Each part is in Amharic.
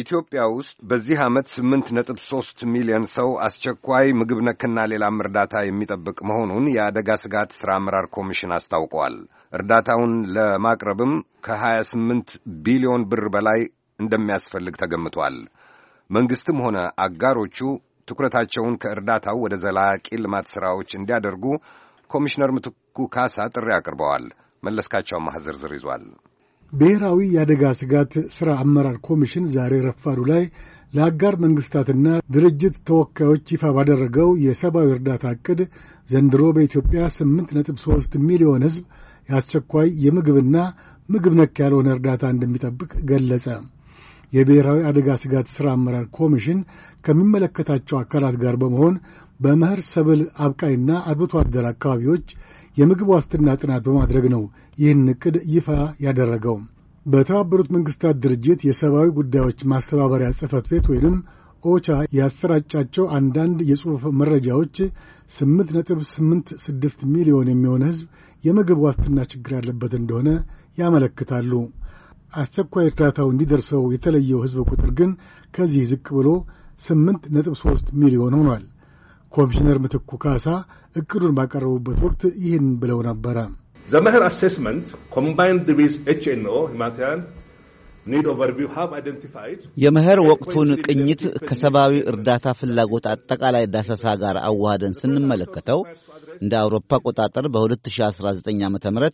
ኢትዮጵያ ውስጥ በዚህ ዓመት ስምንት ነጥብ ሦስት ሚሊዮን ሰው አስቸኳይ ምግብ ነክና ሌላም እርዳታ የሚጠብቅ መሆኑን የአደጋ ስጋት ሥራ አመራር ኮሚሽን አስታውቀዋል። እርዳታውን ለማቅረብም ከ28 ቢሊዮን ብር በላይ እንደሚያስፈልግ ተገምቷል። መንግሥትም ሆነ አጋሮቹ ትኩረታቸውን ከእርዳታው ወደ ዘላቂ ልማት ሥራዎች እንዲያደርጉ ኮሚሽነር ምትኩ ካሳ ጥሪ አቅርበዋል። መለስካቸው ማህ ዝርዝር ይዟል። ብሔራዊ የአደጋ ስጋት ሥራ አመራር ኮሚሽን ዛሬ ረፋዱ ላይ ለአጋር መንግሥታትና ድርጅት ተወካዮች ይፋ ባደረገው የሰብአዊ እርዳታ ዕቅድ ዘንድሮ በኢትዮጵያ 8.3 ሚሊዮን ሕዝብ የአስቸኳይ የምግብና ምግብ ነክ ያልሆነ እርዳታ እንደሚጠብቅ ገለጸ። የብሔራዊ አደጋ ስጋት ሥራ አመራር ኮሚሽን ከሚመለከታቸው አካላት ጋር በመሆን በመኸር ሰብል አብቃይና አርብቶ አደር አካባቢዎች የምግብ ዋስትና ጥናት በማድረግ ነው ይህን ዕቅድ ይፋ ያደረገው። በተባበሩት መንግሥታት ድርጅት የሰብአዊ ጉዳዮች ማስተባበሪያ ጽሕፈት ቤት ወይም ኦቻ ያሰራጫቸው አንዳንድ የጽሑፍ መረጃዎች 8.86 ሚሊዮን የሚሆን ሕዝብ የምግብ ዋስትና ችግር ያለበት እንደሆነ ያመለክታሉ። አስቸኳይ እርዳታው እንዲደርሰው የተለየው ሕዝብ ቁጥር ግን ከዚህ ዝቅ ብሎ 8.3 ሚሊዮን ሆኗል። ኮሚሽነር ምትኩ ካሳ እቅዱን ባቀረቡበት ወቅት ይህን ብለው ነበረ። ዘመህር አሴስመንት ኮምባይንድ ዊዝ ኤችኤንኦ ሂማትያን የመኸር ወቅቱን ቅኝት ከሰብአዊ እርዳታ ፍላጎት አጠቃላይ ዳሰሳ ጋር አዋህደን ስንመለከተው እንደ አውሮፓ አቆጣጠር በ2019 ዓ ም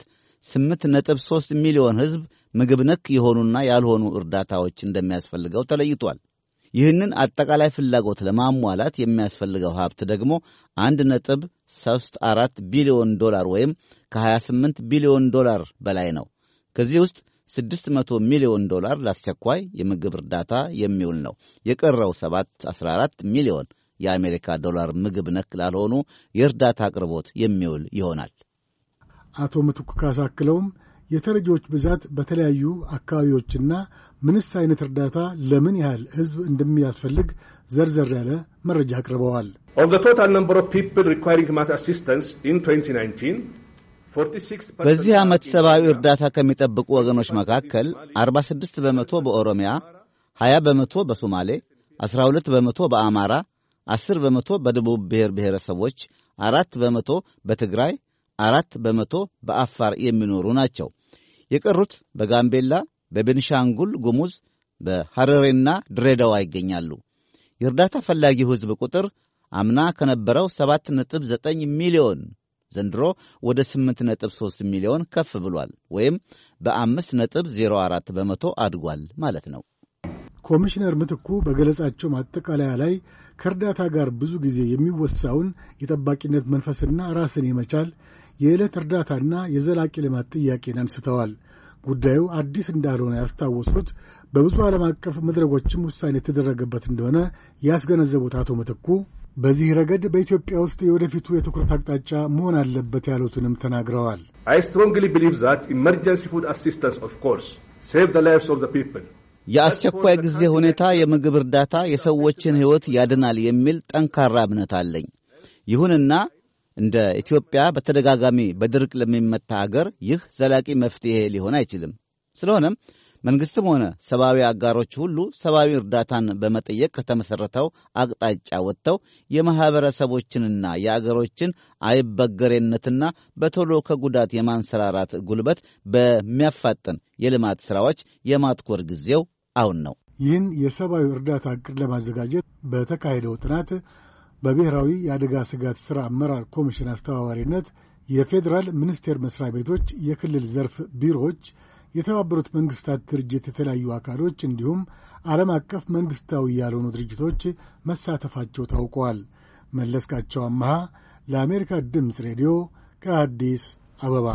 8.3 ሚሊዮን ሕዝብ ምግብ ነክ የሆኑና ያልሆኑ እርዳታዎች እንደሚያስፈልገው ተለይቷል። ይህንን አጠቃላይ ፍላጎት ለማሟላት የሚያስፈልገው ሀብት ደግሞ አንድ ነጥብ ሦስት አራት ቢሊዮን ዶላር ወይም ከ28 ቢሊዮን ዶላር በላይ ነው። ከዚህ ውስጥ 600 ሚሊዮን ዶላር ለአስቸኳይ የምግብ እርዳታ የሚውል ነው። የቀረው 714 ሚሊዮን የአሜሪካ ዶላር ምግብ ነክ ላልሆኑ የእርዳታ አቅርቦት የሚውል ይሆናል። አቶ ምትኩ ካሳክለውም የተረጂዎች ብዛት በተለያዩ አካባቢዎችና ምንስ አይነት እርዳታ ለምን ያህል ህዝብ እንደሚያስፈልግ ዘርዘር ያለ መረጃ አቅርበዋል። በዚህ ዓመት ሰብአዊ እርዳታ ከሚጠብቁ ወገኖች መካከል 46 በመቶ በኦሮሚያ፣ 20 በመቶ በሶማሌ፣ 12 በመቶ በአማራ፣ 10 በመቶ በደቡብ ብሔር ብሔረሰቦች፣ አራት በመቶ በትግራይ፣ አራት በመቶ በአፋር የሚኖሩ ናቸው። የቀሩት በጋምቤላ፣ በቤንሻንጉል ጉሙዝ፣ በሐረሬና ድሬዳዋ ይገኛሉ። የእርዳታ ፈላጊው ሕዝብ ቁጥር አምና ከነበረው 7.9 ሚሊዮን ዘንድሮ ወደ 8.3 ሚሊዮን ከፍ ብሏል፣ ወይም በ5.04 በመቶ አድጓል ማለት ነው። ኮሚሽነር ምትኩ በገለጻቸው ማጠቃለያ ላይ ከእርዳታ ጋር ብዙ ጊዜ የሚወሳውን የጠባቂነት መንፈስና ራስን የመቻል የዕለት እርዳታና የዘላቂ ልማት ጥያቄን አንስተዋል። ጉዳዩ አዲስ እንዳልሆነ ያስታወሱት በብዙ ዓለም አቀፍ መድረኮችም ውሳኔ የተደረገበት እንደሆነ ያስገነዘቡት አቶ ምትኩ በዚህ ረገድ በኢትዮጵያ ውስጥ የወደፊቱ የትኩረት አቅጣጫ መሆን አለበት ያሉትንም ተናግረዋል። አይ ስትሮንግሊ ቢሊቭ ዛት ኢመርጀንሲ ፉድ አሲስታንስ ኦፍ ኮርስ ሴቭ ዘ ላይቭስ ኦፍ ዘ ፒፕል የአስቸኳይ ጊዜ ሁኔታ የምግብ እርዳታ የሰዎችን ሕይወት ያድናል የሚል ጠንካራ እምነት አለኝ። ይሁንና እንደ ኢትዮጵያ በተደጋጋሚ በድርቅ ለሚመታ አገር ይህ ዘላቂ መፍትሔ ሊሆን አይችልም። ስለሆነም መንግሥትም ሆነ ሰብአዊ አጋሮች ሁሉ ሰብአዊ እርዳታን በመጠየቅ ከተመሠረተው አቅጣጫ ወጥተው የማኅበረሰቦችንና የአገሮችን አይበገሬነትና በቶሎ ከጉዳት የማንሰራራት ጉልበት በሚያፋጥን የልማት ሥራዎች የማትኮር ጊዜው አሁን ነው። ይህን የሰብአዊ እርዳታ ዕቅድ ለማዘጋጀት በተካሄደው ጥናት በብሔራዊ የአደጋ ስጋት ሥራ አመራር ኮሚሽን አስተባባሪነት የፌዴራል ሚኒስቴር መሥሪያ ቤቶች፣ የክልል ዘርፍ ቢሮዎች፣ የተባበሩት መንግሥታት ድርጅት የተለያዩ አካሎች እንዲሁም ዓለም አቀፍ መንግሥታዊ ያልሆኑ ድርጅቶች መሳተፋቸው ታውቋል። መለስካቸው አመሃ ለአሜሪካ ድምፅ ሬዲዮ ከአዲስ አበባ